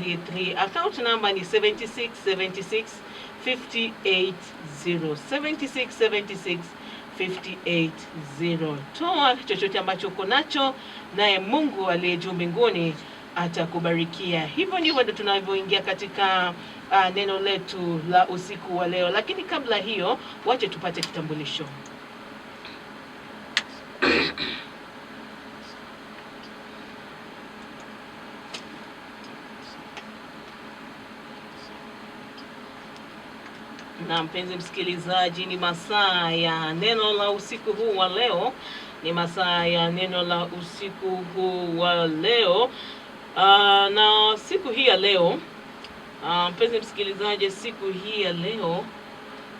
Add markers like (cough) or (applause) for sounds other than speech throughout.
0733. Account number ni 7676 580. 7676 Toa chochote ambacho uko nacho, naye Mungu aliye juu mbinguni atakubarikia. Hivyo ndivyo ndo tunavyoingia katika uh, neno letu la usiku wa leo, lakini kabla hiyo, wache tupate kitambulisho. Na mpenzi msikilizaji, ni masaa ya neno la usiku huu wa leo, ni masaa ya neno la usiku huu wa leo. Uh, na siku hii ya leo uh, mpenzi msikilizaji, siku hii ya leo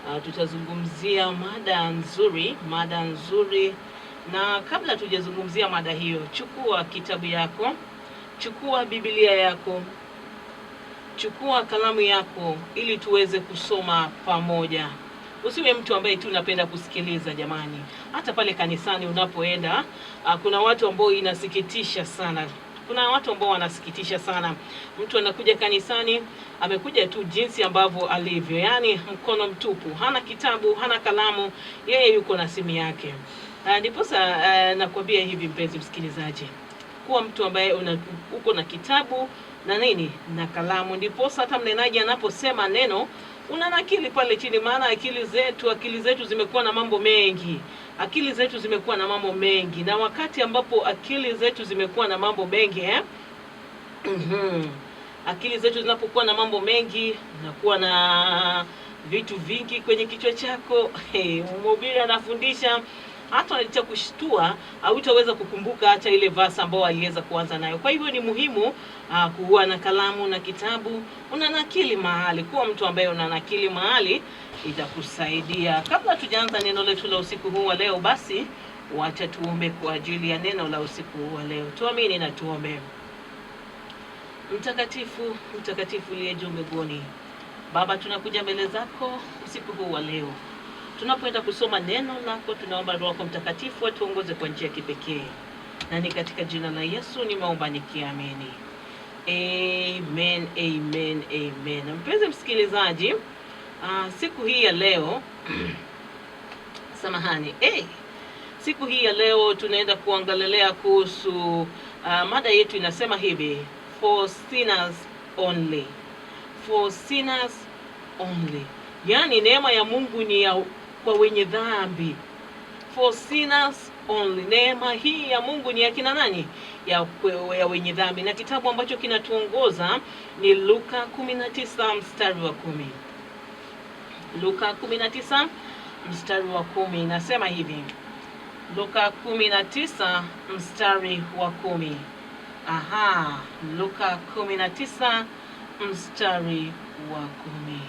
uh, tutazungumzia mada nzuri, mada nzuri. Na kabla tujazungumzia mada hiyo, chukua kitabu yako, chukua Biblia yako Chukua kalamu yako ili tuweze kusoma pamoja. Usiwe mtu ambaye tu unapenda kusikiliza jamani. Hata pale kanisani unapoenda, ah, kuna watu ambao inasikitisha sana kuna watu ambao wanasikitisha sana. Mtu anakuja kanisani amekuja tu jinsi ambavyo alivyo, yaani mkono mtupu, hana kitabu, hana kalamu, yeye yuko na simu yake. Ah, ndiposa ah, nakwambia hivi, mpenzi msikilizaji kuwa mtu ambaye una, uko na kitabu na nini na kalamu, ndiposa hata mnenaji anaposema neno akili pale chini, maana akili zetu akili zetu zimekuwa na mambo mengi, akili zetu zimekuwa na mambo mengi, na wakati ambapo akili zetu zimekuwa na mambo mengi eh? Mhm. akili zetu zinapokuwa na mambo mengi, nakuwa na vitu vingi kwenye kichwa chako. (laughs) Hey, mhubiri anafundisha hata cha kushtua hautaweza kukumbuka hata ile verse ambayo aliweza kuanza nayo. Kwa hivyo ni muhimu uh, kuwa na kalamu na kitabu, una nakili mahali. Kuwa mtu ambaye una nakili mahali itakusaidia. Kabla tujaanza neno letu la usiku huu wa leo, basi wacha tuombe kwa ajili ya neno la usiku huu wa leo. Tuamini na tuombe. Mtakatifu, mtakatifu uliye juu mbinguni, Baba, tunakuja mbele zako usiku huu wa leo Tunapoenda kusoma neno lako, tunaomba Roho yako Mtakatifu atuongoze kwa njia ya kipekee, na ni katika jina la Yesu nimeomba nikiamini, amen, amen, amen. Mpenzi msikilizaji, uh, siku hii ya leo (clears throat) samahani, hey, eh, siku hii ya leo tunaenda kuangalelea kuhusu uh, mada yetu inasema hivi for sinners only, for sinners only, yaani neema ya Mungu ni ya kwa wenye dhambi, for sinners only. Neema hii ya Mungu ni ya kina nani? Ya, ya wenye dhambi. Na kitabu ambacho kinatuongoza ni Luka 19 mstari wa kumi. Luka 19 mstari wa kumi inasema hivi Luka 19 mstari wa kumi. Aha, Luka 19 mstari wa kumi.